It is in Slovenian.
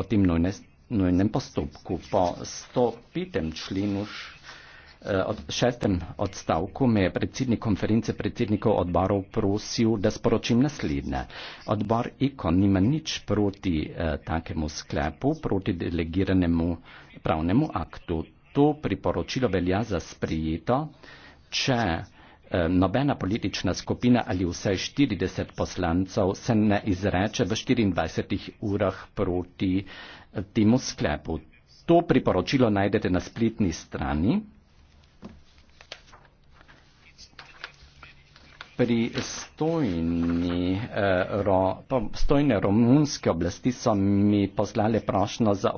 o tem nujne, nujnem postopku. Po 105. členu eh, od šestem odstavku me je predsednik konference predsednikov odborov prosil, da sporočim naslednje. Odbor ICO nima nič proti eh, takemu sklepu, proti delegiranemu pravnemu aktu. To priporočilo velja za sprijeto, če eh, Ehm, nobena politična skupina ali vsaj 40 poslancev se ne izreče v 24 urah proti eh, temu sklepu. To priporočilo najdete na spletni strani. Pri stojni, eh, ro, stojne romunske oblasti so mi poslali prošnjo za.